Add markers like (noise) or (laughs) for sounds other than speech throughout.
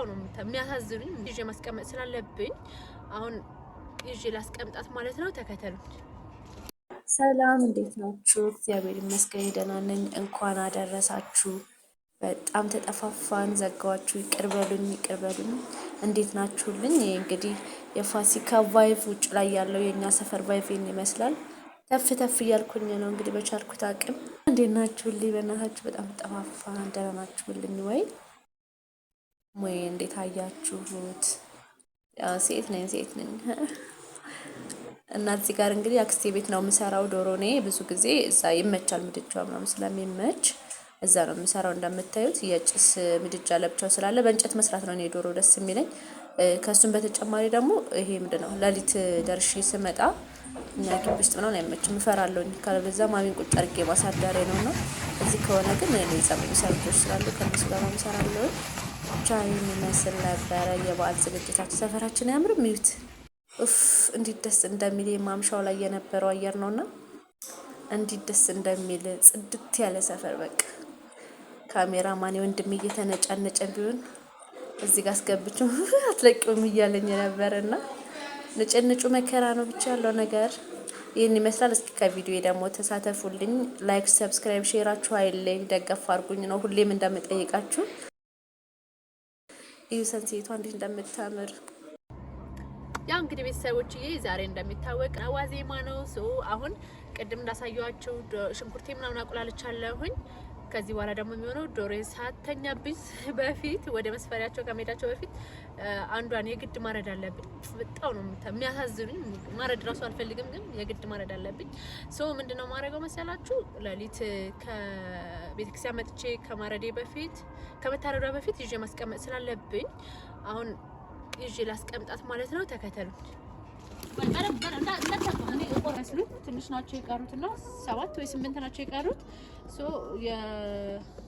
በየቦታው ነው የሚያሳዝኑኝ። ይዤ ማስቀመጥ ስላለብኝ አሁን ይዤ ላስቀምጣት ማለት ነው። ተከተሉት። ሰላም እንዴት ናችሁ? እግዚአብሔር ይመስገን ደህና ነኝ። እንኳን አደረሳችሁ። በጣም ተጠፋፋን፣ ዘጋዋችሁ። ይቅርበሉኝ፣ ይቅርበሉኝ። እንዴት ናችሁልኝ? ይህ እንግዲህ የፋሲካ ቫይቭ ውጭ ላይ ያለው የእኛ ሰፈር ቫይቭን ይመስላል። ተፍ ተፍ እያልኩኝ ነው እንግዲህ በቻልኩት አቅም። እንዴት ናችሁልኝ? በእናታችሁ በጣም ተጠፋፋን። ደህና ናችሁልኝ ወይ? ሙዬ እንዴት አያችሁት? ሴት ነኝ ሴት ነኝ (laughs) እና እዚህ ጋር እንግዲህ አክስቴ ቤት ነው የምሰራው። ዶሮኔ ብዙ ጊዜ እዛ ይመቻል፣ ምድጃው ምናምን ስለሚመች እዛ ነው የምሰራው። እንደምታዩት የጭስ ምድጃ ለብቻው ስላለ በእንጨት መስራት ነው እኔ ዶሮ ደስ የሚለኝ። ከእሱም በተጨማሪ ደግሞ ይሄ ምንድን ነው ለሊት ደርሼ ስመጣ እኛ ግቢ ውስጥ ምናምን አይመችም፣ እፈራለሁኝ። ካለበዛ ማሚን ቁጭ አድርጌ ማሳደሬ ነው ነው። እዚህ ከሆነ ግን ሌዛ ጸመኝ ሰርጆች ስላሉ ከነሱ ጋር ነው ብቻ የሚመስል ነበረ የበዓል ዝግጅታችን። ሰፈራችን አያምርም? ይዩት። እፍ እንዴት ደስ እንደሚል የማምሻው ላይ የነበረው አየር ነውና እንዴት ደስ እንደሚል ጽድት ያለ ሰፈር በቃ ካሜራ ማን ወንድም እየተነጫነጨ ቢሆን እዚህ ጋር አስገብቼው (laughs) አትለቂውም እያለኝ ነበር እና ንጭንጩ መከራ ነው። ብቻ ያለው ነገር ይህን ይመስላል። እስኪ ከቪዲዮ ደግሞ ተሳተፉልኝ። ላይክ፣ ሰብስክራይብ፣ ሼራችሁ አይለኝ፣ ደገፍ አድርጉኝ ነው ሁሌም እንደምጠይቃችሁ ኢዩሰን ሰንሴቷ እንዴት እንደምታምር ያ እንግዲህ ቤተሰቦችዬ ዛሬ እንደሚታወቅ ዋዜማ ነው። አሁን ቅድም እንዳሳየኋችሁ ሽንኩርቴ ምናምን አቁላልቻለሁኝ። ከዚህ በኋላ ደግሞ የሚሆነው ዶሮ ሳተኛብኝ (laughs) በፊት ወደ መስፈሪያቸው ከመሄዳቸው በፊት አንዷን የግድ ማረድ አለብኝ። በጣም ነው የሚያሳዝኑኝ። ማረድ ራሱ አልፈልግም፣ ግን የግድ ማረድ አለብኝ። ሶ ምንድነው ማድረገው መሰላችሁ? ሌሊት ከቤተክርስቲያን መጥቼ ከማረዴ በፊት ከመታረዷ በፊት ይዤ ማስቀመጥ ስላለብኝ አሁን ይዤ ላስቀምጣት ማለት ነው። ተከተሉኝ። መስሉት ትንሽ ናቸው የቀሩት እና ሰባት ወይ ስምንት ናቸው የቀሩት።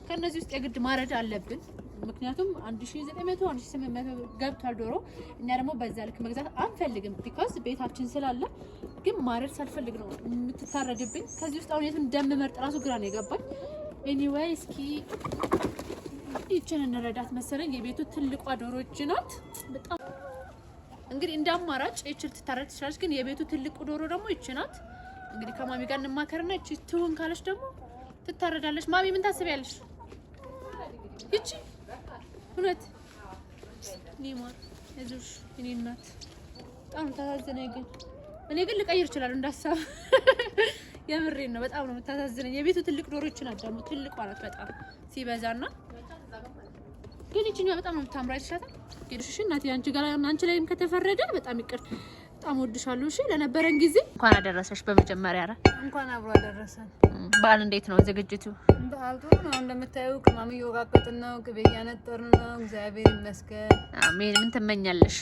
ከእነዚህ ውስጥ የግድ ማረድ አለብን። ምክንያቱም 1900 1800 ገብቷል ዶሮ። እኛ ደግሞ በዛ ልክ መግዛት አንፈልግም፣ ቢካዝ ቤታችን ስላለ። ግን ማረድ ሳልፈልግ ነው የምትታረድብኝ። ከዚህ ውስጥ አሁን ደም መርጥ ራሱ ግራ ነው የገባኝ። ኤኒዌይ እስኪ ይችን እንረዳት መሰለኝ። የቤቱ ትልቋ ዶሮች ናት በጣም እንግዲህ እንደ አማራጭ ይችል ትታረድ ትችላለች። ግን የቤቱ ትልቁ ዶሮ ደግሞ ይች ናት። እንግዲህ ከማሚ ጋር እንማከርና ይቺ ትሁን ካለች ደግሞ ትታረዳለች። ማሚ ምን ታስቢያለሽ? ይቺ እውነት ኒማር እዚሽ እኔ እናት በጣም ታሳዝነኝ። ግን እኔ ግን ልቀይር እችላለሁ እንዳሳብ (laughs) የምሬን ነው። በጣም ነው የምታሳዝነኝ። የቤቱ ትልቅ ዶሮች ናት ደግሞ ትልቅ ማለት በጣም ሲበዛና ግን ይችኛዋ በጣም ነው የምታምራ ይችላታል ሄድሽ። እሺ እናቴ፣ አንቺ ጋር አንቺ ላይም ከተፈረደ በጣም ይቅርታ፣ በጣም ወድሻለሁ። እሺ ለነበረን ጊዜ እንኳን አደረሰሽ። በመጀመሪያ ራ እንኳን አብሮ አደረሰን። በዓል እንዴት ነው ዝግጅቱ? በዓል ጥሩ ነው። እንደምታየው ቅመም እየወቃቀጥን ነው፣ ቅቤ እያነጠርን ነው። እግዚአብሔር ይመስገን። አሜን። ምን ትመኛለሽ?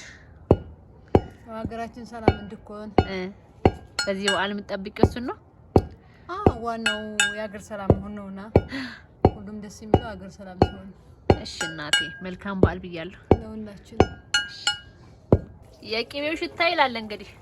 ሀገራችን ሰላም እንድኮን በዚህ በዓል የምጠብቂው እሱን ነው። ዋናው የሀገር ሰላም መሆን ነውና ሁሉም ደስ የሚለው ሀገር ሰላም ሲሆን እሺ እናቴ መልካም በዓል ብያለሁ። ለሁላችን የቅቤው ሽታ ይላል እንግዲህ